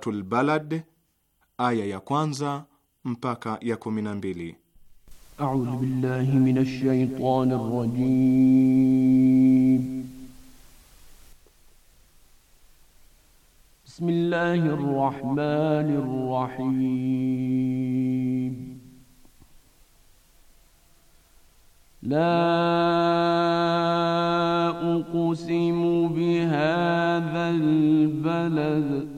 Suratul Balad aya ya kwanza mpaka ya kumi na mbili. A'udhu billahi minash shaitanir rajim. Bismillahir rahmanir rahim. La أقسم بهذا البلد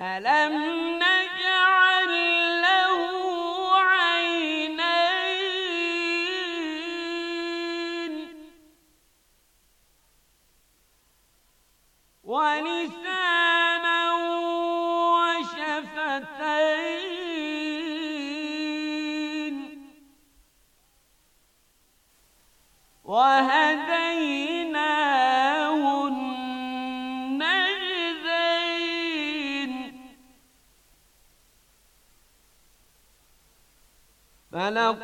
Alam na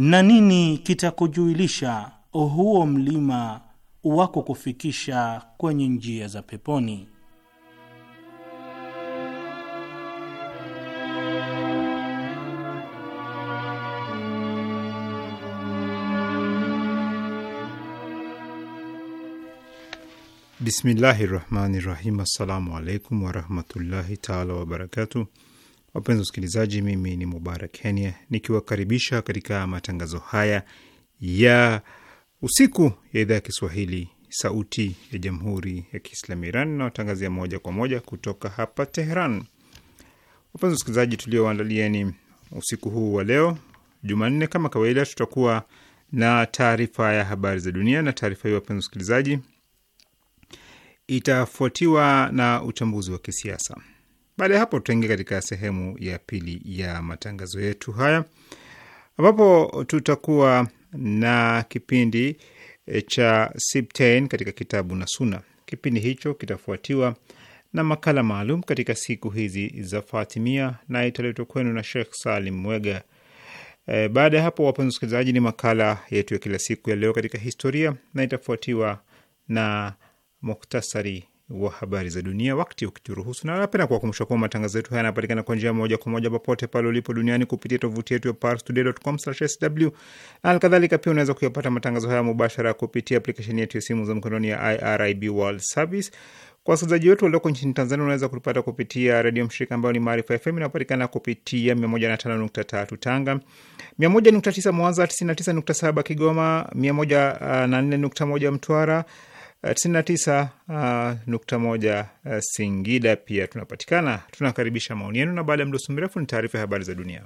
na nini kitakujuilisha huo mlima wako kufikisha kwenye njia za peponi? Bismillahi rahmani rahim. Assalamu alaikum warahmatullahi taala wabarakatuh. Wapenzi wasikilizaji, mimi ni Mubarak Kenya nikiwakaribisha katika matangazo haya ya usiku ya idhaa ya Kiswahili sauti ya jamhuri ya Kiislamu Iran na watangazia moja kwa moja kutoka hapa Tehran. Wapenzi wasikilizaji, tulioandalieni usiku huu wa leo Jumanne, kama kawaida, tutakuwa na taarifa ya habari za dunia, na taarifa hiyo wapenzi wasikilizaji, itafuatiwa na uchambuzi wa kisiasa. Baada ya hapo, tutaingia katika sehemu ya pili ya matangazo yetu haya ambapo tutakuwa na kipindi eh, cha Sibtain katika kitabu na Suna. Kipindi hicho kitafuatiwa na makala maalum katika siku hizi za Fatimia na italetwa kwenu na Shekh Salim Mwega. E, baada ya hapo, wapenzi wasikilizaji, ni makala yetu ya kila siku ya leo katika historia na itafuatiwa na muktasari wa habari za dunia wakati ukituruhusu. Na napenda kuwakumbusha kuwa matangazo yetu haya yanapatikana kwa njia moja kwa moja popote pale ulipo duniani kupitia tovuti yetu ya parstoday.com/sw. pia unaweza kuyapata matangazo haya mubashara kupitia aplikesheni yetu ya simu za mkononi ya IRIB World Service. Kwa wasikilizaji wetu walioko nchini Tanzania, unaweza kutupata kupitia redio mshirika ambayo ni Maarifa FM, inapatikana kupitia 105.3 Tanga, 101.9 Mwanza, 99.7 Kigoma, 104.1 Mtwara, 99.1 uh, uh, Singida pia tunapatikana. Tunakaribisha maoni yenu, na baada ya mdoso mrefu ni taarifa ya habari za dunia.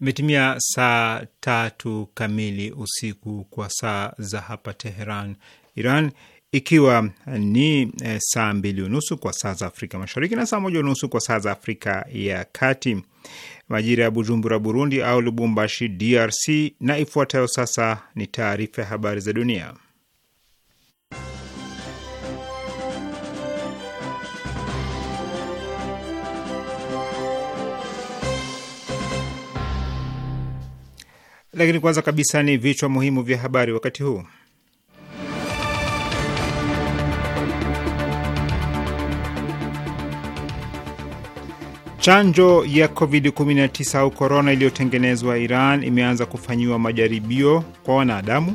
Imetimia saa tatu kamili usiku kwa saa za hapa Teheran, Iran, ikiwa ni e, saa mbili unusu kwa saa za Afrika Mashariki na saa moja unusu kwa saa za Afrika ya Kati, majira ya Bujumbura, Burundi, au Lubumbashi, DRC. Na ifuatayo sasa ni taarifa ya habari za dunia. Lakini kwanza kabisa ni vichwa muhimu vya habari wakati huu. Chanjo ya COVID-19 au korona iliyotengenezwa Iran imeanza kufanyiwa majaribio kwa wanadamu.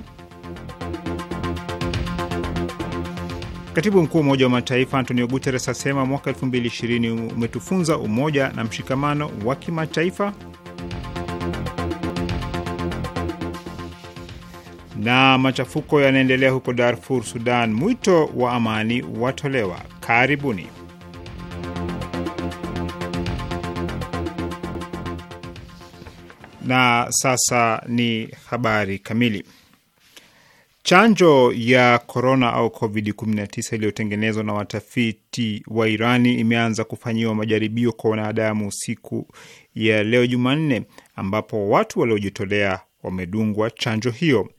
Katibu mkuu wa Umoja wa Mataifa Antonio Guterres asema mwaka 2020 umetufunza umoja na mshikamano wa kimataifa. Na machafuko yanaendelea huko Darfur, Sudan. Mwito wa amani watolewa. Karibuni. Na sasa ni habari kamili. Chanjo ya korona au COVID-19 iliyotengenezwa na watafiti wa Irani imeanza kufanyiwa majaribio kwa wanadamu siku ya leo Jumanne, ambapo watu waliojitolea wamedungwa chanjo hiyo.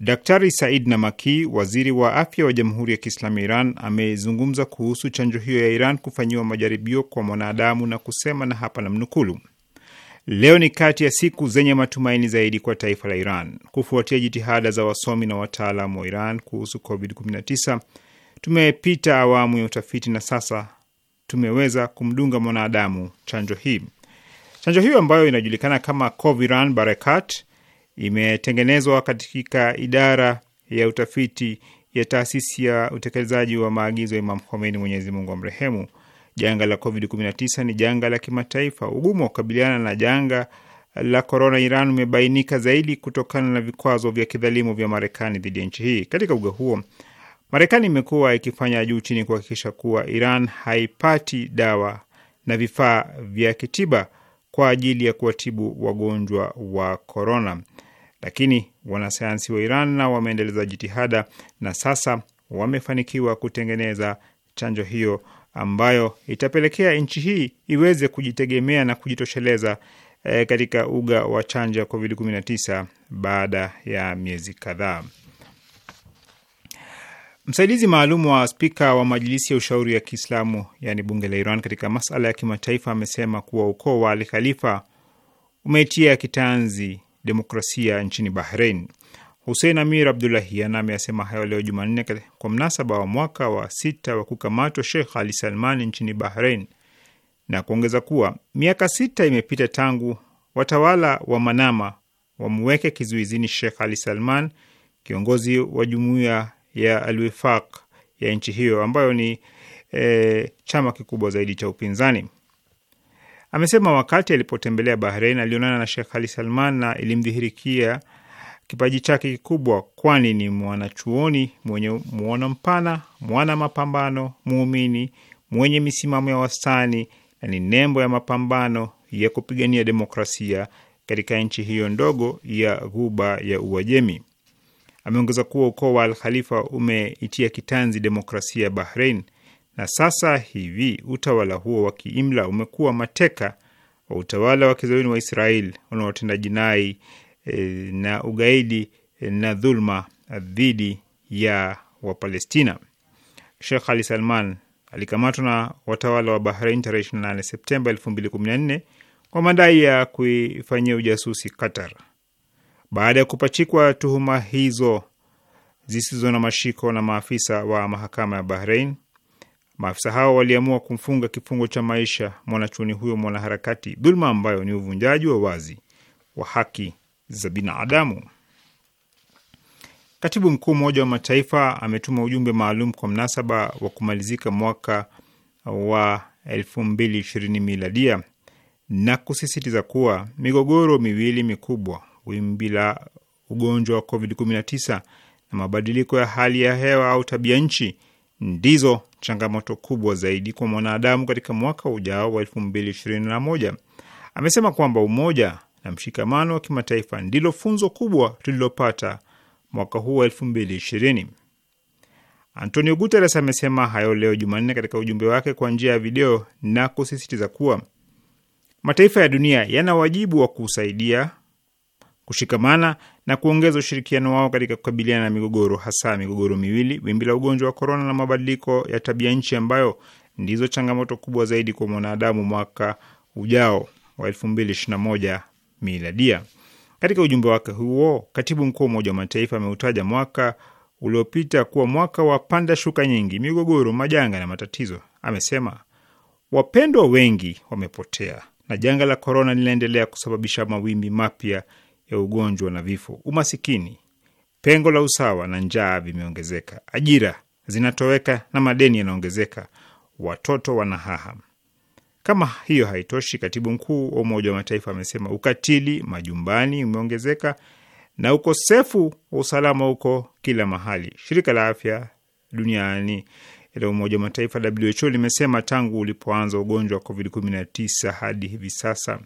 Daktari Said Namaki, waziri wa afya wa Jamhuri ya Kiislamu ya Iran, amezungumza kuhusu chanjo hiyo ya Iran kufanyiwa majaribio kwa mwanadamu na kusema, na hapa namnukulu Leo ni kati ya siku zenye matumaini zaidi kwa taifa la Iran kufuatia jitihada za wasomi na wataalamu wa Iran kuhusu COVID-19. Tumepita awamu ya utafiti na sasa tumeweza kumdunga mwanadamu chanjo hii. Chanjo hiyo ambayo inajulikana kama Coviran Barakat imetengenezwa katika idara ya utafiti ya taasisi ya utekelezaji wa maagizo ya Imam Khomeini, Mwenyezi Mungu amrehemu. Janga la COVID-19 ni janga la kimataifa. Ugumu wa kukabiliana na janga la korona Iran umebainika zaidi kutokana na vikwazo vya kidhalimu vya Marekani dhidi ya nchi hii. Katika uga huo, Marekani imekuwa ikifanya juu chini kuhakikisha kuwa Iran haipati dawa na vifaa vya kitiba kwa ajili ya kuwatibu wagonjwa wa korona, lakini wanasayansi wa Iran na wameendeleza jitihada na sasa wamefanikiwa kutengeneza chanjo hiyo ambayo itapelekea nchi hii iweze kujitegemea na kujitosheleza e, katika uga wa chanjo ya COVID-19 baada ya miezi kadhaa. Msaidizi maalum wa spika wa Majilisi ya Ushauri ya Kiislamu, yani bunge la Iran, katika masala ya kimataifa amesema kuwa ukoo wa Al Khalifa umeitia kitanzi demokrasia nchini Bahrain. Husein Amir Abdulahian ameyasema hayo leo Jumanne kwa mnasaba wa mwaka wa sita wa kukamatwa Sheikh Ali Salman nchini Bahrain na kuongeza kuwa miaka sita imepita tangu watawala wa Manama wamweke kizuizini Sheikh Ali Salman, kiongozi wa jumuiya ya Alwifaq ya nchi hiyo ambayo ni e, chama kikubwa zaidi cha upinzani. Amesema wakati alipotembelea Bahrain alionana na Sheikh Ali Salman na ilimdhihirikia kipaji chake kikubwa, kwani ni mwanachuoni mwenye mwono mpana, mwana mapambano, muumini mwenye misimamo ya wastani na ni nembo ya mapambano ya kupigania demokrasia katika nchi hiyo ndogo ya Ghuba ya Uajemi. Ameongeza kuwa ukoo wa alkhalifa umeitia kitanzi demokrasia ya Bahrein na sasa hivi utawala huo wa kiimla umekuwa mateka wa utawala wa kizayuni wa Israel unaotenda jinai E, na ugaidi e, na dhulma dhidi ya Wapalestina. Shekh Ali Salman alikamatwa na watawala wa Bahrain tarehe 28 Septemba 2014 kwa madai ya kuifanyia ujasusi Qatar. Baada ya kupachikwa tuhuma hizo zisizo na mashiko na maafisa wa mahakama ya Bahrain, maafisa hao waliamua kumfunga kifungo cha maisha mwanachuoni huyo mwanaharakati, dhulma ambayo ni uvunjaji wa wazi wa haki za binadamu. Katibu mkuu Umoja wa Mataifa ametuma ujumbe maalum kwa mnasaba wa kumalizika mwaka wa elfu miladia na kusisitiza kuwa migogoro miwili mikubwa, wimbi la ugonjwa wa COVID-19 na mabadiliko ya hali ya hewa au tabia nchi ndizo changamoto kubwa zaidi kwa mwanadamu katika mwaka ujao wa 221 Amesema kwamba umoja na mshikamano wa kimataifa ndilo funzo kubwa tulilopata mwaka huu wa elfu mbili ishirini. Antonio Guterres amesema hayo leo Jumanne katika ujumbe wake kwa njia ya video na kusisitiza kuwa mataifa ya dunia yana wajibu wa kusaidia kushikamana na kuongeza ushirikiano wao katika kukabiliana na migogoro, hasa migogoro miwili, wimbi la ugonjwa wa korona na mabadiliko ya tabia nchi, ambayo ndizo changamoto kubwa zaidi kwa mwanadamu mwaka ujao wa 221 miladia. Katika ujumbe wake huo, katibu mkuu wa Umoja wa Mataifa ameutaja mwaka uliopita kuwa mwaka wa panda shuka nyingi, migogoro, majanga na matatizo. Amesema wapendwa wengi wamepotea na janga la korona linaendelea kusababisha mawimbi mapya ya ugonjwa na vifo. Umasikini, pengo la usawa na njaa vimeongezeka, ajira zinatoweka na madeni yanaongezeka, watoto wanahaha. Kama hiyo haitoshi, katibu mkuu wa Umoja wa Mataifa amesema ukatili majumbani umeongezeka na ukosefu wa usalama uko kila mahali. Shirika la Afya Duniani la Umoja wa Mataifa WHO limesema tangu ulipoanza ugonjwa wa COVID-19 hadi hivi sasa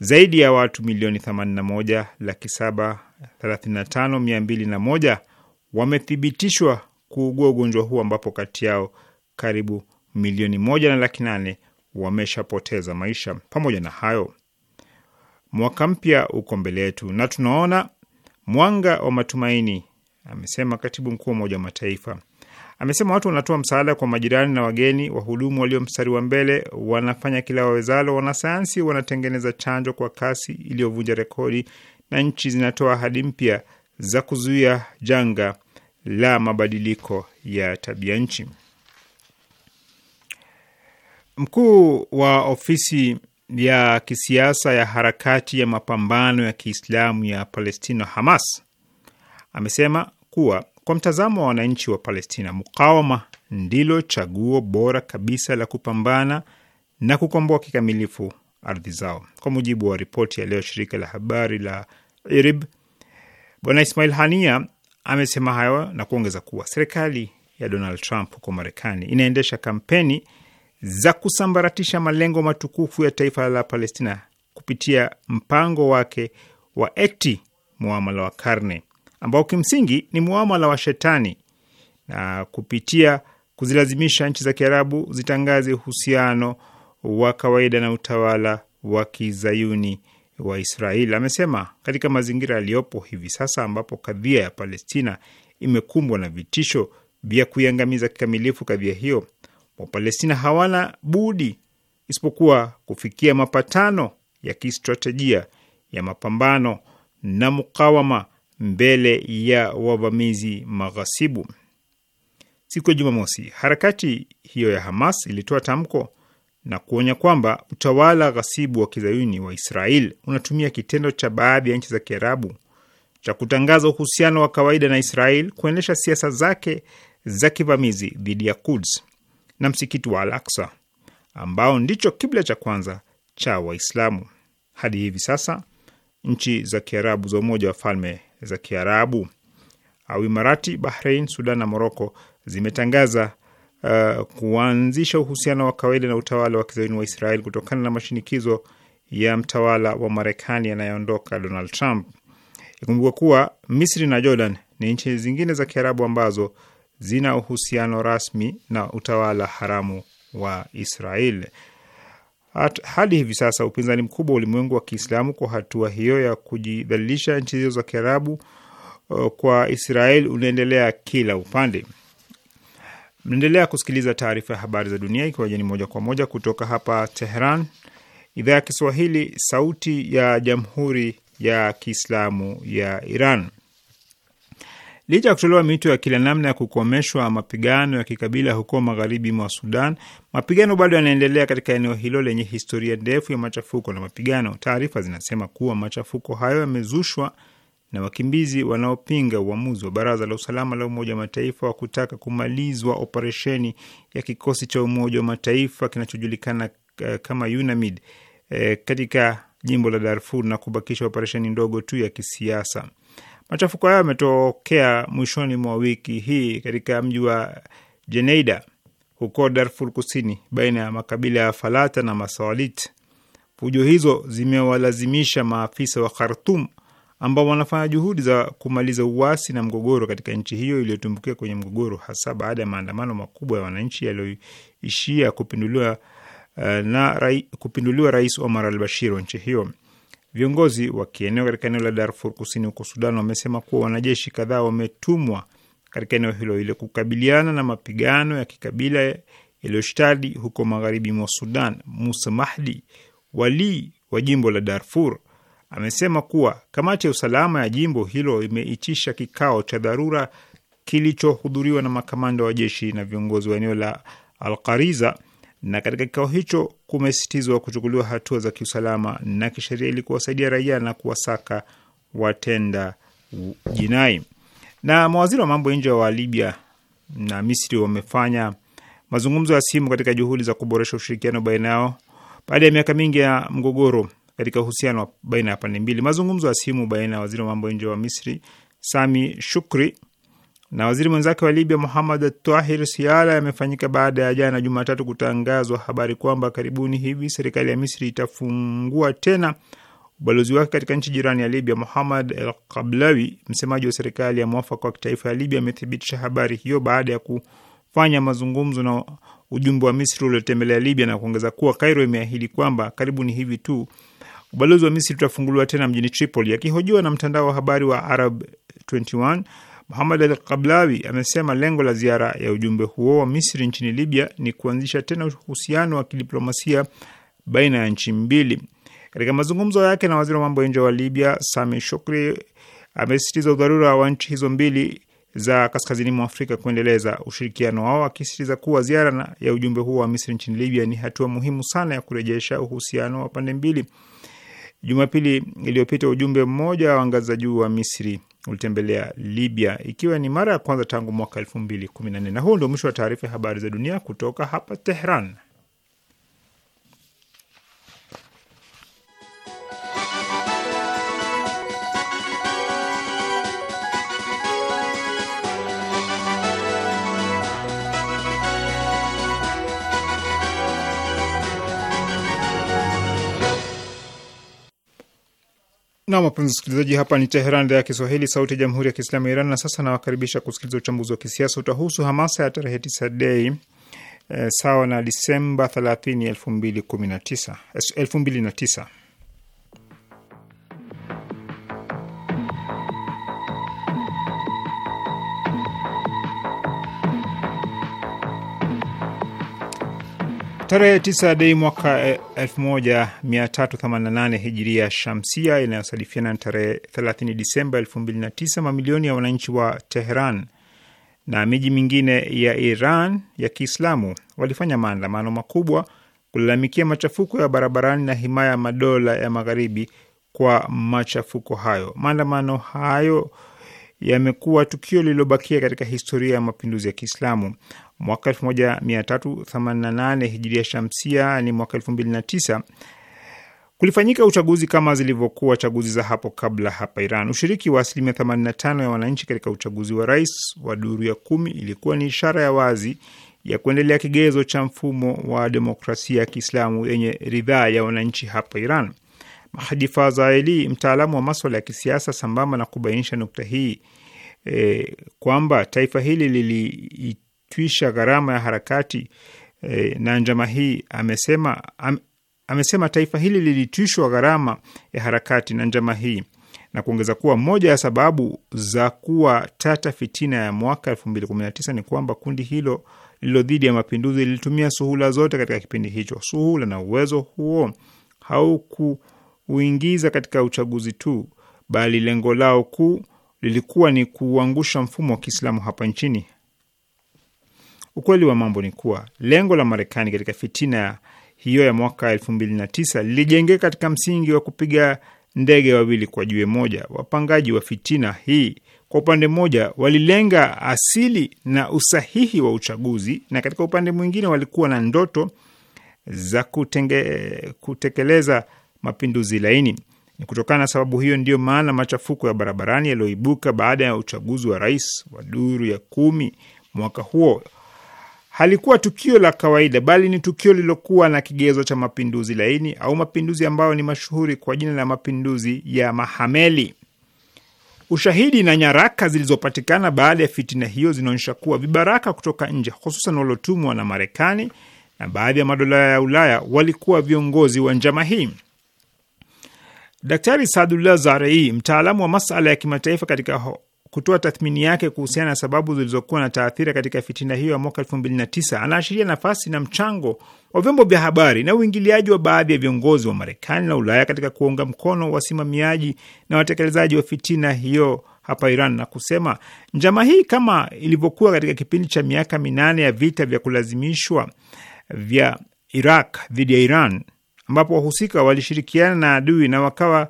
zaidi ya watu milioni 81 laki 7 201 wamethibitishwa kuugua ugonjwa huu ambapo kati yao karibu milioni moja na laki nane wameshapoteza maisha. Pamoja na hayo, mwaka mpya uko mbele yetu na tunaona mwanga wa matumaini, amesema katibu mkuu wa Umoja wa Mataifa. Amesema watu wanatoa msaada kwa majirani na wageni, wahudumu walio mstari wa mbele wanafanya kila wawezalo, wanasayansi wanatengeneza chanjo kwa kasi iliyovunja rekodi, na nchi zinatoa ahadi mpya za kuzuia janga la mabadiliko ya tabia nchi. Mkuu wa ofisi ya kisiasa ya harakati ya mapambano ya Kiislamu ya Palestina Hamas amesema kuwa kwa mtazamo wa wananchi wa Palestina, mukawama ndilo chaguo bora kabisa la kupambana na kukomboa kikamilifu ardhi zao. Kwa mujibu wa ripoti ya leo shirika la habari la IRIB, Bwana Ismail Hania amesema hayo na kuongeza kuwa serikali ya Donald Trump huko Marekani inaendesha kampeni za kusambaratisha malengo matukufu ya taifa la Palestina kupitia mpango wake wa eti muamala wa karne, ambao kimsingi ni muamala wa shetani, na kupitia kuzilazimisha nchi za Kiarabu zitangaze uhusiano wa kawaida na utawala wa kizayuni wa Israeli. Amesema katika mazingira yaliyopo hivi sasa, ambapo kadhia ya Palestina imekumbwa na vitisho vya kuiangamiza kikamilifu kadhia hiyo Wapalestina hawana budi isipokuwa kufikia mapatano ya kistratejia ya mapambano na mukawama mbele ya wavamizi maghasibu. Siku ya Jumamosi, harakati hiyo ya Hamas ilitoa tamko na kuonya kwamba utawala ghasibu wa kizayuni wa Israel unatumia kitendo cha baadhi ya nchi za Kiarabu cha kutangaza uhusiano wa kawaida na Israel kuendesha siasa zake za kivamizi dhidi ya Kuds na msikiti wa Al-Aqsa ambao ndicho kibla cha kwanza cha Waislamu. Hadi hivi sasa nchi za Kiarabu za Umoja wa Falme za Kiarabu au Imarati, Bahrain, Sudan na Moroko zimetangaza uh, kuanzisha uhusiano wa kawaida na utawala wa kizayuni wa Israel kutokana na mashinikizo ya mtawala wa Marekani anayeondoka Donald Trump. Ikumbuka kuwa Misri na Jordan ni nchi zingine za Kiarabu ambazo zina uhusiano rasmi na utawala haramu wa Israel. At, hadi hivi sasa upinzani mkubwa ulimwengu wa Kiislamu kwa hatua hiyo ya kujidhalilisha nchi hizo za Kiarabu kwa Israel unaendelea kila upande. Mnaendelea kusikiliza taarifa ya habari za dunia ikiwa jeni moja kwa moja kutoka hapa Tehran, idhaa ya Kiswahili, sauti ya Jamhuri ya Kiislamu ya Iran. Licha ya kutolewa mito ya kila namna ya kukomeshwa mapigano ya kikabila huko magharibi mwa Sudan, mapigano bado yanaendelea katika eneo hilo lenye historia ndefu ya machafuko na mapigano. Taarifa zinasema kuwa machafuko hayo yamezushwa na wakimbizi wanaopinga uamuzi wa Baraza la Usalama la Umoja wa Mataifa wa kutaka kumalizwa operesheni ya kikosi cha Umoja wa Mataifa kinachojulikana eh, kama UNAMID eh, katika jimbo la Darfur na kubakisha operesheni ndogo tu ya kisiasa. Machafuko hayo yametokea mwishoni mwa wiki hii katika mji wa Jeneida huko Darfur Kusini, baina ya makabila ya Falata na masawalit Fujo hizo zimewalazimisha maafisa wa Khartum ambao wanafanya juhudi za kumaliza uasi na mgogoro katika nchi hiyo iliyotumbukia kwenye mgogoro, hasa baada ya maandamano makubwa ya wananchi yaliyoishia kupinduliwa eh, na rai, kupinduliwa Rais Omar al Bashir wa nchi hiyo. Viongozi wa kieneo katika eneo la Darfur kusini huko Sudan wamesema kuwa wanajeshi kadhaa wametumwa katika eneo hilo ili kukabiliana na mapigano ya kikabila yaliyoshtadi huko magharibi mwa Sudan. Musa Mahdi, wali wa jimbo la Darfur, amesema kuwa kamati ya usalama ya jimbo hilo imeitisha kikao cha dharura kilichohudhuriwa na makamanda wa jeshi na viongozi wa eneo la Alqariza na katika kikao hicho kumesisitizwa kuchukuliwa hatua za kiusalama na kisheria ili kuwasaidia raia na kuwasaka watenda jinai. Na mawaziri wa mambo ya nje wa Libya na Misri wamefanya mazungumzo ya simu katika juhudi za kuboresha ushirikiano baina yao baada ya miaka mingi ya mgogoro katika uhusiano baina ya pande mbili. Mazungumzo ya simu baina ya waziri wa mambo ya nje wa Misri Sami Shukri na waziri mwenzake wa Libya Muhammad Tahir Siala yamefanyika baada ya jana Jumatatu kutangazwa habari kwamba karibuni hivi serikali ya Misri itafungua tena ubalozi wake katika nchi jirani ya Libya. Muhammad El Kablawi, msemaji wa serikali ya mwafaka wa kitaifa ya Libya, amethibitisha habari hiyo baada ya kufanya mazungumzo na ujumbe wa Misri uliotembelea Libya na kuongeza kuwa Kairo imeahidi kwamba karibuni hivi tu ubalozi wa Misri utafunguliwa tena mjini Tripoli. Akihojiwa na mtandao wa habari wa Arab 21 Muhammad al Qablawi amesema lengo la ziara ya ujumbe huo wa Misri nchini Libya ni kuanzisha tena uhusiano wa kidiplomasia baina ya nchi mbili. Katika mazungumzo yake na waziri wa mambo ya nje wa Libya Sami Shukri amesisitiza udharura wa nchi hizo mbili za kaskazini mwa Afrika kuendeleza ushirikiano wao, akisisitiza kuwa ziara ya ujumbe huo wa Misri nchini Libya ni hatua muhimu sana ya kurejesha uhusiano wa pande mbili. Jumapili iliyopita ujumbe mmoja wa ngazi za juu wa Misri ulitembelea Libya ikiwa ni mara ya kwanza tangu mwaka elfu mbili kumi na nne. Na huu ndio mwisho wa taarifa ya habari za dunia kutoka hapa Tehran. Na wapenzi wasikilizaji, hapa ni Teheran, idhaa ya Kiswahili, sauti ya jamhuri ya kiislamu ya Iran. Na sasa nawakaribisha kusikiliza uchambuzi wa kisiasa. Utahusu hamasa ya tarehe 9 Dei eh, sawa na Disemba 30, 2019. Tarehe 9 Dei mwaka 1388 eh, hijiria shamsia inayosalifiana na tarehe 30 Disemba 2009, mamilioni ya wananchi wa Teheran na miji mingine ya Iran ya Kiislamu walifanya maandamano makubwa kulalamikia machafuko ya barabarani na himaya madola ya magharibi kwa machafuko hayo. Maandamano hayo yamekuwa tukio lililobakia katika historia ya mapinduzi ya Kiislamu mwaka elfu moja mia tatu 1388 hijiria shamsia ni mwaka elfu mbili na tisa kulifanyika uchaguzi kama zilivyokuwa chaguzi za hapo kabla hapa Iran. Ushiriki wa asilimia 85 ya wananchi katika uchaguzi wa rais wa duru ya kumi ilikuwa ni ishara ya wazi ya kuendelea kigezo cha mfumo wa demokrasia ya Kiislamu yenye ridhaa ya wananchi hapa Iran. Mahadi Fazaeli, mtaalamu wa maswala ya kisiasa, sambamba na kubainisha nukta hii e, kwamba taifa hili lili kutwisha gharama ya harakati e, na njama hii amesema am, amesema taifa hili lilitwishwa gharama ya harakati na njama hii na kuongeza kuwa moja ya sababu za kuwa tata fitina ya mwaka 2019 ni kwamba kundi hilo lililo dhidi ya mapinduzi lilitumia suhula zote katika kipindi hicho. Suhula na uwezo huo haukuuingiza katika uchaguzi tu, bali lengo lao kuu lilikuwa ni kuangusha mfumo wa Kiislamu hapa nchini. Ukweli wa mambo ni kuwa lengo la Marekani katika fitina hiyo ya mwaka elfu mbili na tisa lilijengeka katika msingi wa kupiga ndege wawili kwa jiwe moja. Wapangaji wa fitina hii kwa upande mmoja walilenga asili na usahihi wa uchaguzi, na katika upande mwingine walikuwa na ndoto za kutenge, kutekeleza mapinduzi laini. Ni kutokana na sababu hiyo ndiyo maana machafuko ya barabarani yaliyoibuka baada ya uchaguzi wa rais wa duru ya kumi mwaka huo halikuwa tukio la kawaida, bali ni tukio lililokuwa na kigezo cha mapinduzi laini au mapinduzi ambayo ni mashuhuri kwa jina la mapinduzi ya Mahameli. Ushahidi na nyaraka zilizopatikana baada ya fitina hiyo zinaonyesha kuwa vibaraka kutoka nje, hususan waliotumwa na Marekani na baadhi ya madola ya Ulaya walikuwa viongozi wa njama hii. Daktari Sadullah Zarei, mtaalamu wa masala ya kimataifa katika kutoa tathmini yake kuhusiana na sababu zilizokuwa na taathira katika fitina hiyo ya mwaka elfu Anaashiria nafasi na mchango wa vyombo vya habari na uingiliaji wa baadhi ya viongozi wa Marekani na Ulaya katika kuunga mkono wasimamiaji na watekelezaji wa fitina hiyo hapa Iran na kusema njama hii kama ilivyokuwa katika kipindi cha miaka minane ya vita vya kulazimishwa vya Iraq dhidi ya Iran ambapo wahusika walishirikiana na adui na wakawa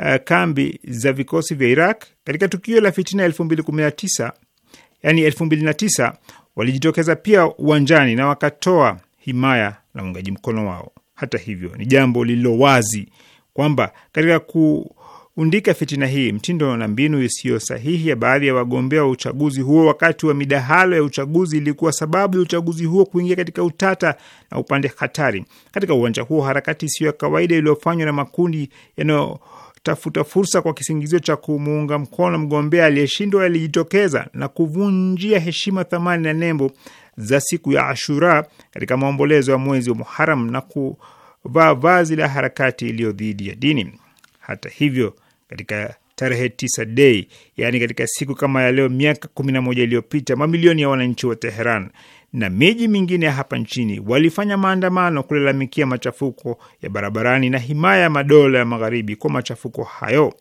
uh, kambi za vikosi vya Iraq. Katika tukio la fitina 2019, yani 2009 walijitokeza pia uwanjani na wakatoa himaya na uungaji mkono wao. Hata hivyo, ni jambo lililo wazi kwamba katika kuundika fitina hii, mtindo na mbinu isiyo sahihi ya baadhi ya wagombea wa uchaguzi huo wakati wa midahalo ya uchaguzi ilikuwa sababu ya uchaguzi huo kuingia katika utata na upande hatari. Katika uwanja huo, harakati isiyo ya kawaida iliyofanywa na makundi yanayo tafuta fursa kwa kisingizio cha kumuunga mkono mgombea aliyeshindwa alijitokeza na kuvunjia heshima, thamani na nembo za siku ya Ashura katika maombolezo ya mwezi wa Muharam na kuvaa vazi la harakati iliyo dhidi ya dini. Hata hivyo, katika tarehe tisa Dei, yaani katika siku kama ya leo miaka kumi na moja iliyopita, mamilioni ya wananchi wa Teheran na miji mingine hapa nchini walifanya maandamano kulalamikia machafuko ya barabarani na himaya ya madola ya magharibi kwa machafuko hayo.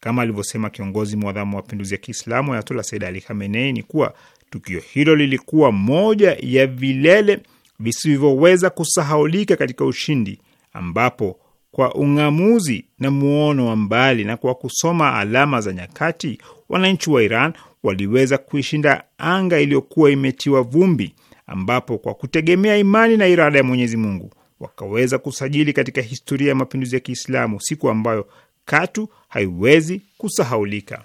Kama alivyosema kiongozi mwadhamu wa mapinduzi ya Kiislamu Ayatola Said Ali Khamenei ni kuwa tukio hilo lilikuwa moja ya vilele visivyoweza kusahaulika katika ushindi, ambapo kwa ung'amuzi na muono wa mbali na kwa kusoma alama za nyakati, wananchi wa Iran waliweza kuishinda anga iliyokuwa imetiwa vumbi ambapo kwa kutegemea imani na irada ya Mwenyezi Mungu wakaweza kusajili katika historia ya mapinduzi ya Kiislamu, siku ambayo katu haiwezi kusahaulika.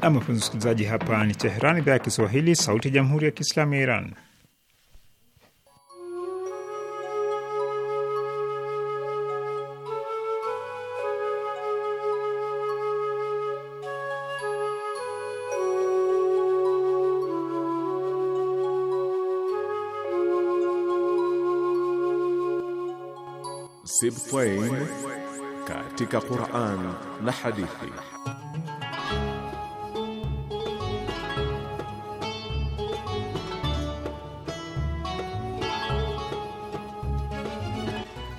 Amapenzi msikilizaji, hapa ni Teheran, idhaa ya Kiswahili, sauti ya jamhuri ya kiislamu ya Iran. Sibtain katika Qur'an na hadithi.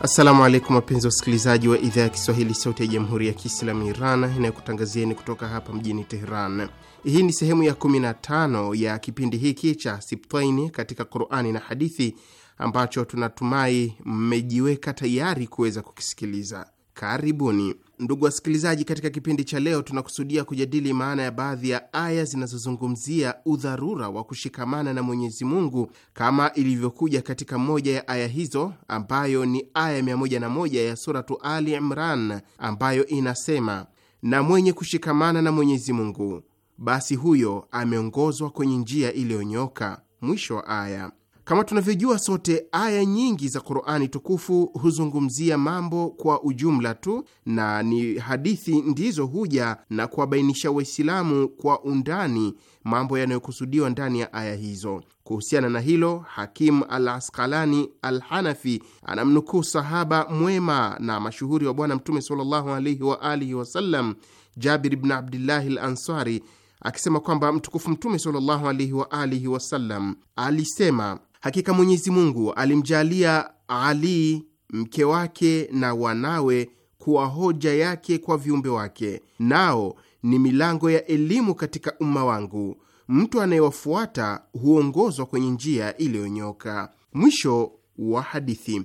Assalamu alaikum wapenzi wasikilizaji wa idhaa ya Kiswahili sauti ya Jamhuri ya Kiislamu Iran inayokutangazieni kutoka hapa mjini Tehran. Hii ni sehemu ya 15 ya kipindi hiki cha Sibtwaini katika Qur'ani na hadithi ambacho tunatumai mmejiweka tayari kuweza kukisikiliza. Karibuni ndugu wasikilizaji, katika kipindi cha leo tunakusudia kujadili maana ya baadhi ya aya zinazozungumzia udharura wa kushikamana na Mwenyezi Mungu kama ilivyokuja katika moja ya aya hizo ambayo ni aya 101 ya suratu Ali Imran ambayo inasema, na mwenye kushikamana na Mwenyezi Mungu basi huyo ameongozwa kwenye njia iliyonyoka. Mwisho wa aya. Kama tunavyojua sote, aya nyingi za Qur'ani tukufu huzungumzia mambo kwa ujumla tu, na ni hadithi ndizo huja na kuwabainisha Waislamu kwa undani mambo yanayokusudiwa ndani ya aya hizo. Kuhusiana na hilo, Hakim al Asqalani al Hanafi anamnukuu sahaba mwema na mashuhuri wa Bwana Mtume sallallahu alaihi wa alihi wasallam Jabir ibn Abdillahi al Ansari akisema kwamba mtukufu Mtume sallallahu alaihi wa alihi wasallam alisema Hakika Mwenyezi Mungu alimjalia Ali mke wake na wanawe kuwa hoja yake kwa viumbe wake, nao ni milango ya elimu katika umma wangu. Mtu anayewafuata huongozwa kwenye njia iliyonyoka. Mwisho wa hadithi.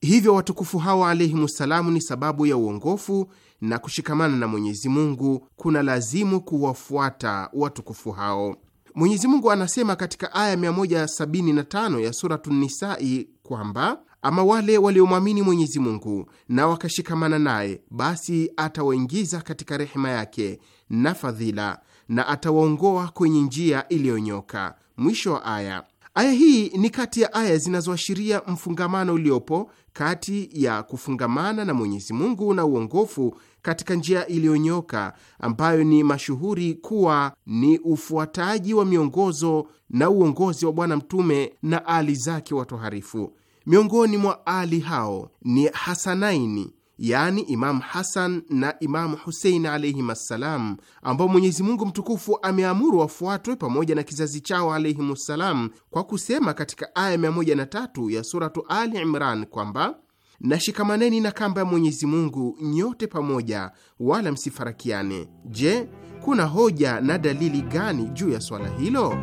Hivyo watukufu hawa alaihimussalamu ni sababu ya uongofu na kushikamana na Mwenyezi Mungu kuna lazimu kuwafuata watukufu hao. Mwenyezi Mungu anasema katika aya 175 ya Suratu Nisai kwamba ama wale waliomwamini Mwenyezi Mungu na wakashikamana naye, basi atawaingiza katika rehema yake na fadhila na atawaongoa kwenye njia iliyonyoka. Mwisho wa aya. Aya hii ni kati ya aya zinazoashiria mfungamano uliopo kati ya kufungamana na Mwenyezi Mungu na uongofu katika njia iliyonyoka ambayo ni mashuhuri kuwa ni ufuataji wa miongozo na uongozi wa Bwana Mtume na ali zake watoharifu. Miongoni mwa ali hao ni Hasanaini, yani Imamu Hasan na Imamu Husein alaihim assalam, ambao Mwenyezi Mungu mtukufu ameamuru wafuatwe pamoja na kizazi chao alaihim ssalam, kwa kusema katika aya 103 ya Suratu Ali Imran kwamba na shikamaneni na kamba ya Mwenyezi Mungu nyote pamoja, wala msifarakiane. Je, kuna hoja na dalili gani juu ya swala hilo?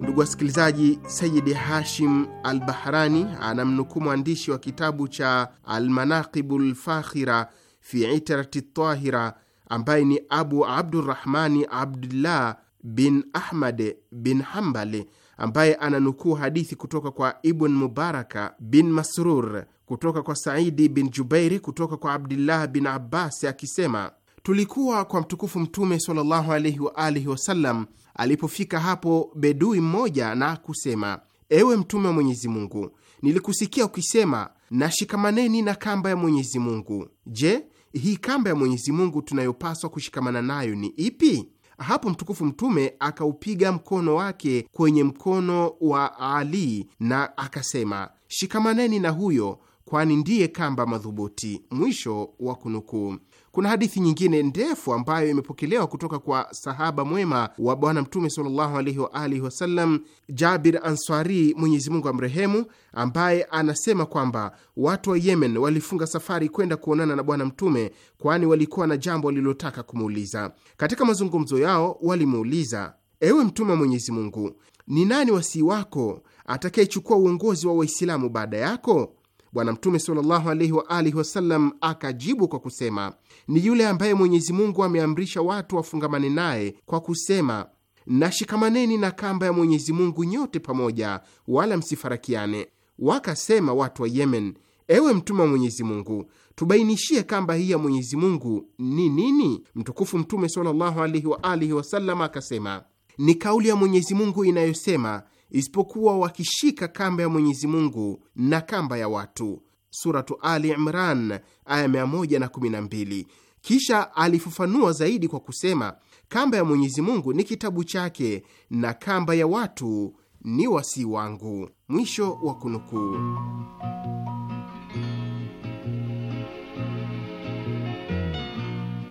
Ndugu wasikilizaji, Sayidi Hashim Al Bahrani anamnukuu mwandishi wa kitabu cha Almanaqibu Lfakhira fi itrati tahira ambaye ni Abu Abdurrahmani Abdullah bin Ahmad bin Hambal ambaye ananukuu hadithi kutoka kwa Ibn Mubaraka bin Masrur kutoka kwa Saidi bin Jubairi kutoka kwa abdullah bin Abbas akisema tulikuwa kwa mtukufu Mtume sallallahu alaihi wa alihi wasallam alipofika hapo bedui mmoja na kusema, ewe Mtume wa Mwenyezi Mungu, nilikusikia ukisema nashikamaneni na kamba ya Mwenyezi Mungu. Je, hii kamba ya Mwenyezi Mungu tunayopaswa kushikamana nayo ni ipi? Hapo mtukufu Mtume akaupiga mkono wake kwenye mkono wa Ali na akasema, shikamaneni na huyo, kwani ndiye kamba madhubuti. Mwisho wa kunukuu. Kuna hadithi nyingine ndefu ambayo imepokelewa kutoka kwa sahaba mwema wa Bwana Mtume sallallahu alaihi wa alihi wasallam, Jabir Ansari, Mwenyezi Mungu amrehemu, ambaye anasema kwamba watu wa Yemen walifunga safari kwenda kuonana na Bwana Mtume, kwani walikuwa na jambo walilotaka kumuuliza. Katika mazungumzo yao walimuuliza, ewe Mtume wa Mwenyezi Mungu, ni nani wasii wako atakayechukua uongozi wa Waislamu baada yako? Bwana Mtume sallallahu alaihi wa alihi wasallam akajibu kwa kusema ni yule ambaye Mwenyezi Mungu ameamrisha watu wafungamane naye kwa kusema, nashikamaneni na kamba ya Mwenyezi Mungu nyote pamoja, wala msifarakiane. Wakasema watu wa Yemen, ewe mtume wa Mwenyezi Mungu, tubainishie kamba hii ya Mwenyezi Mungu ni nini? Mtukufu Mtume sallallahu alaihi wa alihi wasallam akasema, ni kauli ya Mwenyezi Mungu inayosema, isipokuwa wakishika kamba ya Mwenyezi Mungu na kamba ya watu Suratu Ali Imran aya 112. Kisha alifafanua zaidi kwa kusema, kamba ya Mwenyezi Mungu ni kitabu chake na kamba ya watu ni wasii wangu. Mwisho wa kunukuu.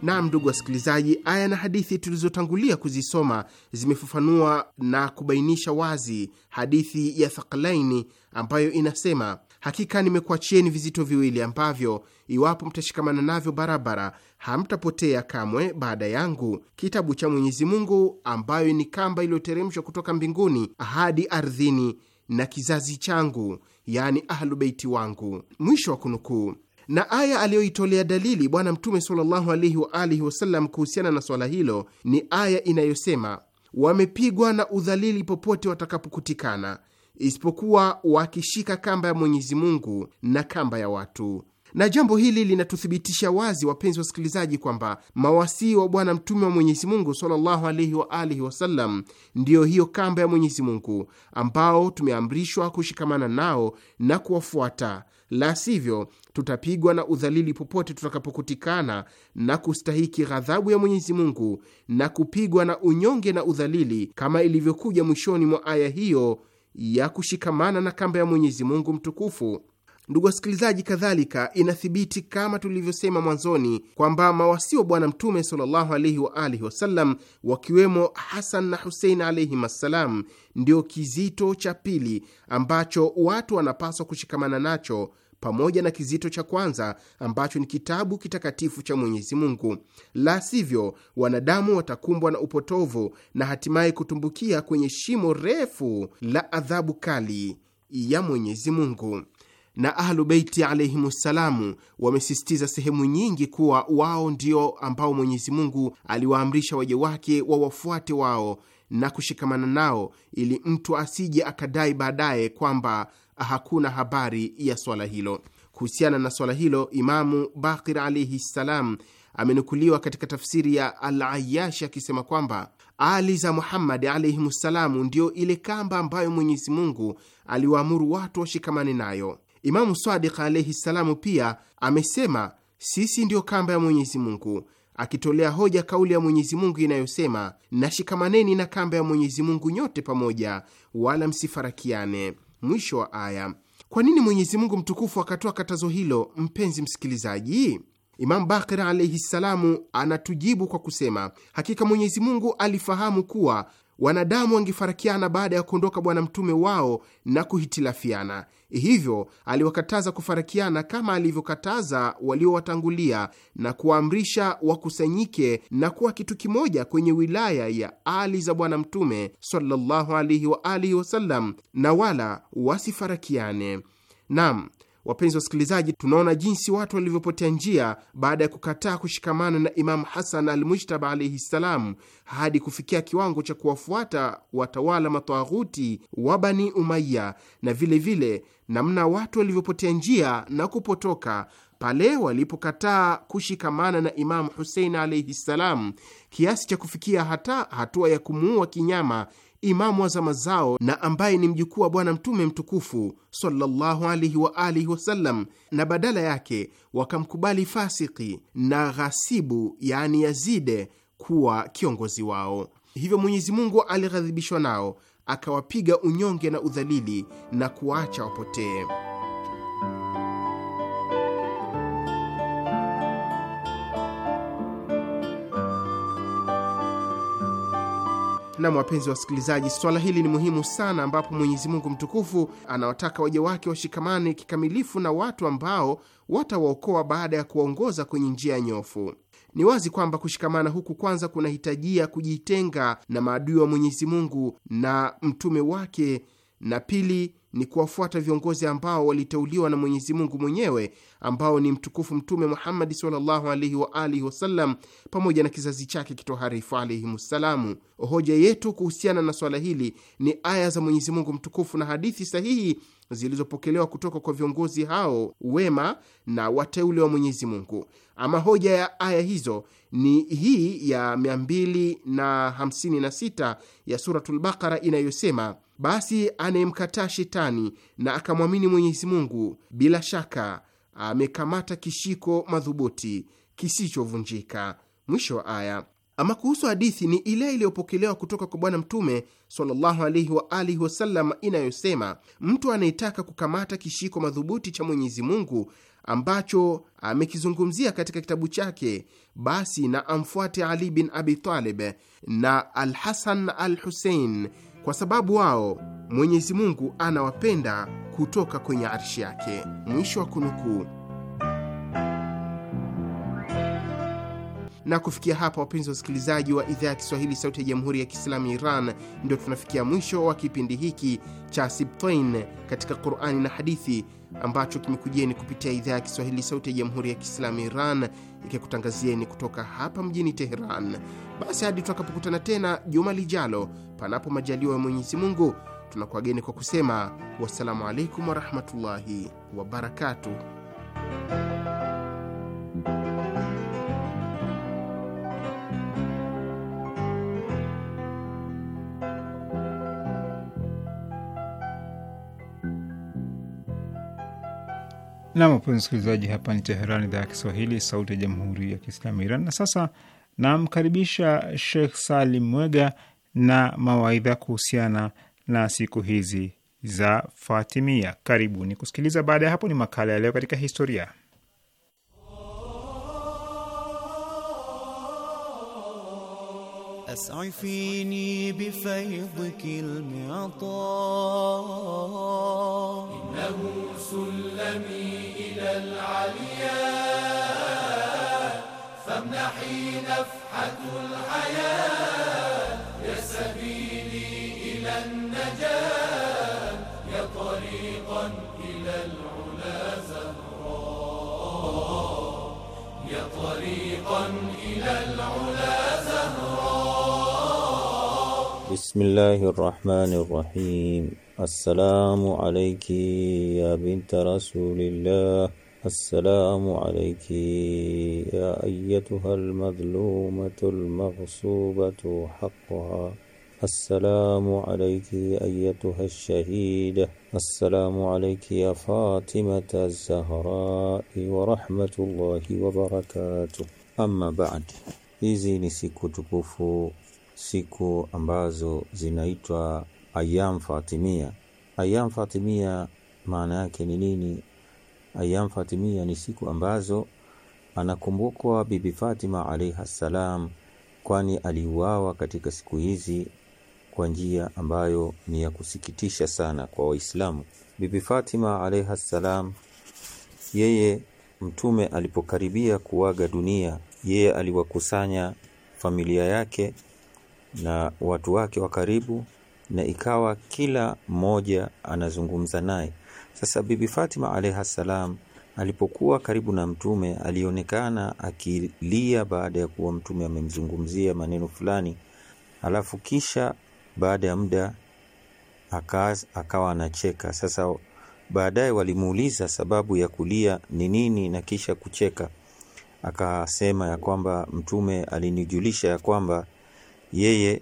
Nam, ndugu wasikilizaji, aya na hadithi tulizotangulia kuzisoma zimefafanua na kubainisha wazi hadithi ya Thaklaini ambayo inasema Hakika nimekuachieni vizito viwili ambavyo iwapo mtashikamana navyo barabara hamtapotea kamwe baada yangu, kitabu cha Mwenyezi Mungu ambayo ni kamba iliyoteremshwa kutoka mbinguni hadi ardhini, na kizazi changu, yani ahlubeiti wangu. Mwisho wa kunukuu. Na aya aliyoitolea dalili Bwana Mtume sallallahu alaihi wa alihi wasallam kuhusiana na swala hilo ni aya inayosema, wamepigwa na udhalili popote watakapokutikana isipokuwa wakishika kamba ya Mwenyezi Mungu na kamba ya watu. Na jambo hili linatuthibitisha wazi, wapenzi wa wasikilizaji, kwamba mawasii wa Bwana Mtume wa Mwenyezi Mungu sallallahu alaihi wa alihi wasallam ndiyo hiyo kamba ya Mwenyezi Mungu ambao tumeamrishwa kushikamana nao na kuwafuata, la sivyo tutapigwa na udhalili popote tutakapokutikana na kustahiki ghadhabu ya Mwenyezi Mungu na kupigwa na unyonge na udhalili kama ilivyokuja mwishoni mwa aya hiyo ya kushikamana na kamba ya Mwenyezi Mungu mtukufu. Ndugu wasikilizaji, kadhalika inathibiti kama tulivyosema mwanzoni kwamba mawasi wa Bwana Mtume sallallahu alaihi wa alihi wasallam wakiwemo Hasan na Husein alaihim assalam ndio kizito cha pili ambacho watu wanapaswa kushikamana nacho pamoja na kizito cha kwanza ambacho ni kitabu kitakatifu cha Mwenyezi Mungu. La sivyo, wanadamu watakumbwa na upotovu na hatimaye kutumbukia kwenye shimo refu la adhabu kali ya Mwenyezi Mungu. Na Ahlu Beiti ssalamu wamesisitiza sehemu nyingi kuwa wao ndio ambao Mwenyezi Mungu aliwaamrisha waja wake wawafuate wao na kushikamana nao ili mtu asije akadai baadaye kwamba hakuna habari ya swala hilo. Kuhusiana na swala hilo, Imamu Bakir alaihi ssalam amenukuliwa katika tafsiri ya Al-Ayashi akisema kwamba ali za Muhammadi alaihimu ssalamu ndiyo ile kamba ambayo Mwenyezi Mungu aliwaamuru watu washikamane nayo. Imamu Sadiq alaihi ssalamu pia amesema sisi ndiyo kamba ya Mwenyezi Mungu, akitolea hoja kauli ya Mwenyezi Mungu inayosema, nashikamaneni na kamba ya Mwenyezi Mungu nyote pamoja, wala msifarakiane. Mwisho wa aya. Kwa nini Mwenyezi Mungu mtukufu akatoa katazo hilo, mpenzi msikilizaji? Imamu Bakir alaihi ssalamu anatujibu kwa kusema, hakika Mwenyezi Mungu alifahamu kuwa wanadamu wangefarakiana baada ya kuondoka bwana mtume wao na kuhitilafiana, Hivyo aliwakataza kufarakiana kama alivyokataza waliowatangulia na kuwaamrisha wakusanyike na kuwa kitu kimoja kwenye wilaya ya Ali za Bwana Mtume sallallahu alihi wa alihi wasallam, na wala wasifarakiane. Naam, Wapenzi wasikilizaji, tunaona jinsi watu walivyopotea njia baada ya kukataa kushikamana na Imamu Hasan al Mujtaba alaihi ssalam, hadi kufikia kiwango cha kuwafuata watawala matwaghuti wa Bani Umaya, na vilevile vile, namna watu walivyopotea njia na kupotoka pale walipokataa kushikamana na Imamu Husein alaihi ssalam, kiasi cha kufikia hata hatua ya kumuua kinyama imamu wa zama zao na ambaye ni mjukuu wa Bwana Mtume mtukufu sallallahu alihi wa alihi wasallam, na badala yake wakamkubali fasiki na ghasibu, yani Yazide, kuwa kiongozi wao. Hivyo Mwenyezi Mungu alighadhibishwa nao akawapiga unyonge na udhalili na kuwaacha wapotee. nam wapenzi wa wasikilizaji, swala hili ni muhimu sana, ambapo Mwenyezi Mungu mtukufu anawataka waja wake washikamane kikamilifu na watu ambao watawaokoa baada ya kuwaongoza kwenye njia ya nyofu. Ni wazi kwamba kushikamana huku kwanza kunahitajia kujitenga na maadui wa Mwenyezi Mungu na mtume wake, na pili ni kuwafuata viongozi ambao waliteuliwa na Mwenyezi Mungu mwenyewe ambao ni mtukufu Mtume Muhammadi sallallahu alaihi wa alihi wasallam pamoja na kizazi chake kitoharifu alaihimussalamu. Hoja yetu kuhusiana na swala hili ni aya za Mwenyezi Mungu mtukufu na hadithi sahihi zilizopokelewa kutoka kwa viongozi hao wema na wateule wa Mwenyezi Mungu. Ama hoja ya aya hizo ni hii ya 256 ya Suratul Baqara inayosema basi anayemkataa shetani na akamwamini Mwenyezi Mungu, bila shaka amekamata kishiko madhubuti kisichovunjika. Mwisho wa aya. Ama kuhusu hadithi ni ile iliyopokelewa kutoka kwa Bwana Mtume sallallahu alaihi wa alihi wasallam inayosema, mtu anayetaka kukamata kishiko madhubuti cha Mwenyezi Mungu ambacho amekizungumzia katika kitabu chake, basi na amfuate Ali bin Abi Talib na Alhasan al Husein kwa sababu wao Mwenyezi Mungu anawapenda kutoka kwenye arshi yake. Mwisho wa kunukuu. Na kufikia hapa, wapenzi wa wasikilizaji wa idhaa ya Kiswahili sauti ya jamhuri ya Kiislamu ya Iran, ndio tunafikia mwisho wa kipindi hiki cha Sibtain katika Qurani na Hadithi ambacho kimekujieni kupitia idhaa ya Kiswahili sauti ya jamhuri ya Kiislamu ya Iran ikikutangazieni kutoka hapa mjini Teheran. Basi hadi tutakapokutana tena juma lijalo panapo majaliwa ya Mwenyezi Mungu, tunakuageni kwa kusema wassalamu alaikum warahmatullahi wabarakatuh. Nam, wapenzi msikilizaji, hapa ni Teheran, idhaa ya Kiswahili, sauti ya jamhuri ya kiislamu ya Iran. Na sasa namkaribisha shekh Salim Mwega na mawaidha kuhusiana na siku hizi za Fatimia. Karibuni kusikiliza. Baada ya hapo ni makala ya leo katika historia. As'ifini bifaydhiki al-mi'ta innahu sulami ila al-'aliya famnahi nafhatul hayat إلى العلا زهرا بسم الله الرحمن الرحيم السلام عليك يا بنت رسول الله السلام عليك يا أيتها المظلومة المغصوبة حقها السلام عليك أيتها الشهيدة السلام عليك يا فاطمة الزهراء ورحمة الله وبركاته Amma baad, hizi ni siku tukufu, siku ambazo zinaitwa ayam fatimia. Ayam fatimia maana yake ni nini? Ayam fatimia ni siku ambazo anakumbukwa Bibi Fatima alaihi ssalam, kwani aliuawa katika siku hizi kwa njia ambayo ni ya kusikitisha sana kwa Waislamu. Bibi Fatima alaihi salam yeye Mtume alipokaribia kuaga dunia, yeye aliwakusanya familia yake na watu wake wa karibu, na ikawa kila mmoja anazungumza naye. Sasa Bibi Fatima alayha salam alipokuwa karibu na Mtume alionekana akilia baada ya kuwa Mtume amemzungumzia maneno fulani, alafu kisha baada ya muda akawa anacheka. Sasa Baadaye walimuuliza sababu ya kulia ni nini na kisha kucheka. Akasema ya kwamba Mtume alinijulisha ya kwamba yeye